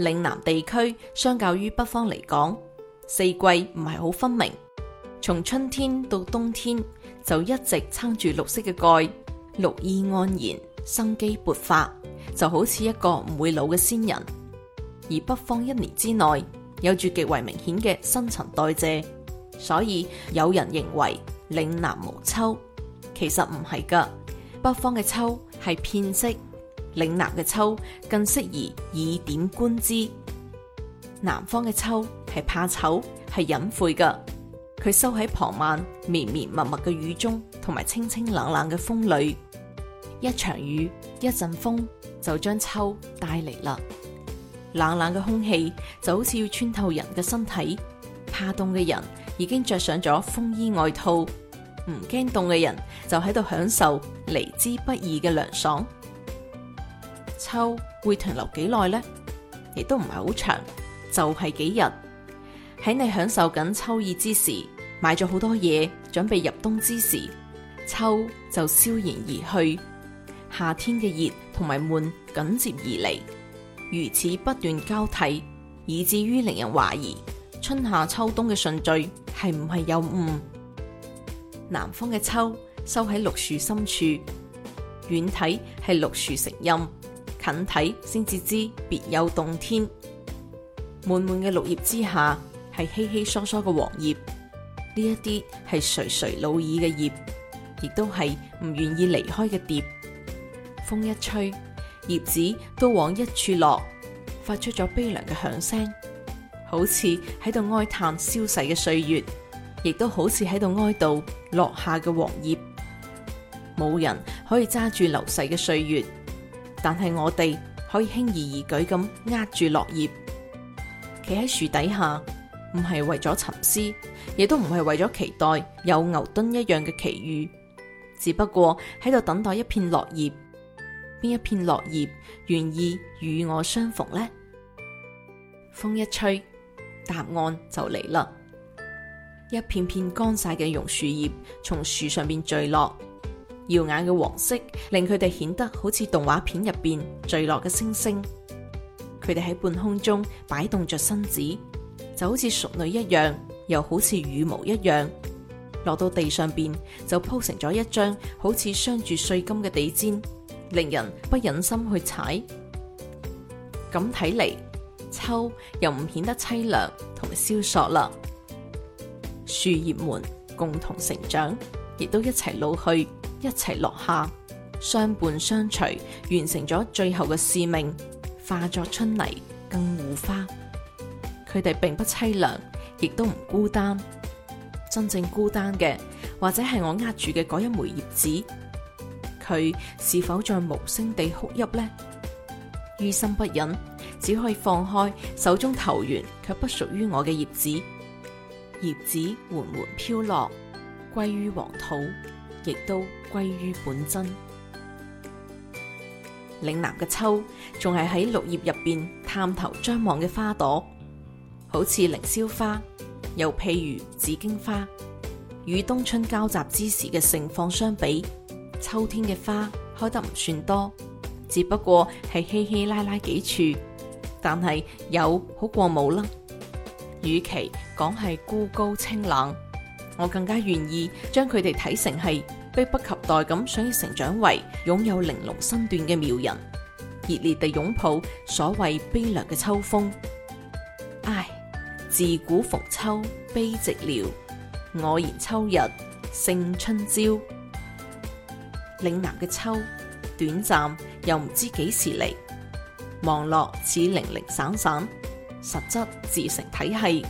嶺南地區相較於北方嚟講，四季唔係好分明，從春天到冬天就一直撐住綠色嘅蓋，綠意盎然，生機勃發，就好似一個唔會老嘅仙人。而北方一年之內有住極為明顯嘅新陳代謝，所以有人認為嶺南無秋，其實唔係噶，北方嘅秋係片式。嶺南嘅秋更適宜以點觀之。南方嘅秋係怕醜，係隱晦嘅。佢收喺傍晚綿綿密密嘅雨中，同埋清清冷冷嘅風裏。一場雨，一陣風，就將秋帶嚟啦。冷冷嘅空氣就好似要穿透人嘅身體。怕凍嘅人已經着上咗風衣外套，唔驚凍嘅人就喺度享受來之不易嘅涼爽。秋會停留幾耐呢？亦都唔係好長，就係、是、幾日。喺你享受緊秋意之時，買咗好多嘢，準備入冬之時，秋就翛然而去。夏天嘅熱同埋悶緊接而嚟。如此不斷交替，以至於令人懷疑春夏秋冬嘅順序係唔係有誤。南方嘅秋收喺綠樹深處，遠睇係綠樹成蔭。近睇先至知別有洞天，滿滿嘅綠葉之下係稀稀疏疏嘅黃葉，呢一啲係垂垂老矣嘅葉，亦都係唔願意離開嘅蝶。風一吹，葉子都往一處落，發出咗悲涼嘅響聲，好似喺度哀嘆消逝嘅歲月，亦都好似喺度哀悼落下嘅黃葉。冇人可以揸住流逝嘅歲月。但係我哋可以輕而易舉咁握住落葉，企喺樹底下，唔係為咗沉思，亦都唔係為咗期待有牛頓一樣嘅奇遇，只不過喺度等待一片落葉，邊一片落葉願意與我相逢呢？風一吹，答案就嚟啦，一片片乾晒嘅榕樹葉從樹上邊墜落。耀眼嘅黃色令佢哋顯得好似動畫片入邊墜落嘅星星。佢哋喺半空中擺動着身子，就好似淑女一樣，又好似羽毛一樣。落到地上邊就鋪成咗一張好似鑲住碎金嘅地氈，令人不忍心去踩。咁睇嚟，秋又唔顯得淒涼同埋蕭索啦。樹葉們共同成長，亦都一齊老去。一齊落下，相伴相隨，完成咗最後嘅使命，化作春泥更護花。佢哋並不淒涼，亦都唔孤單。真正孤單嘅，或者係我握住嘅嗰一枚葉子，佢是否在無聲地哭泣呢？於心不忍，只可以放開手中投緣卻不屬於我嘅葉子。葉子緩緩飄落，歸於黃土。亦都歸於本真。嶺南嘅秋，仲係喺綠葉入邊探頭張望嘅花朵，好似凌霄花，又譬如紫荊花。與冬春交集之時嘅盛況相比，秋天嘅花開得唔算多，只不過係稀稀拉拉幾處，但係有好過冇啦。與其講係孤高清冷。我更加願意將佢哋睇成係迫不及待咁，想要成長為擁有玲瓏身段嘅妙人，熱烈地擁抱所謂悲涼嘅秋風。唉，自古逢秋悲寂寥，我言秋日勝春朝。嶺南嘅秋短暫，又唔知幾時嚟，望落似零零散散，實質自成體系。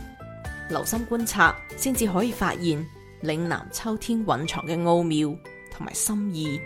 留心觀察，先至可以發現嶺南秋天蘊藏嘅奧妙同埋深意。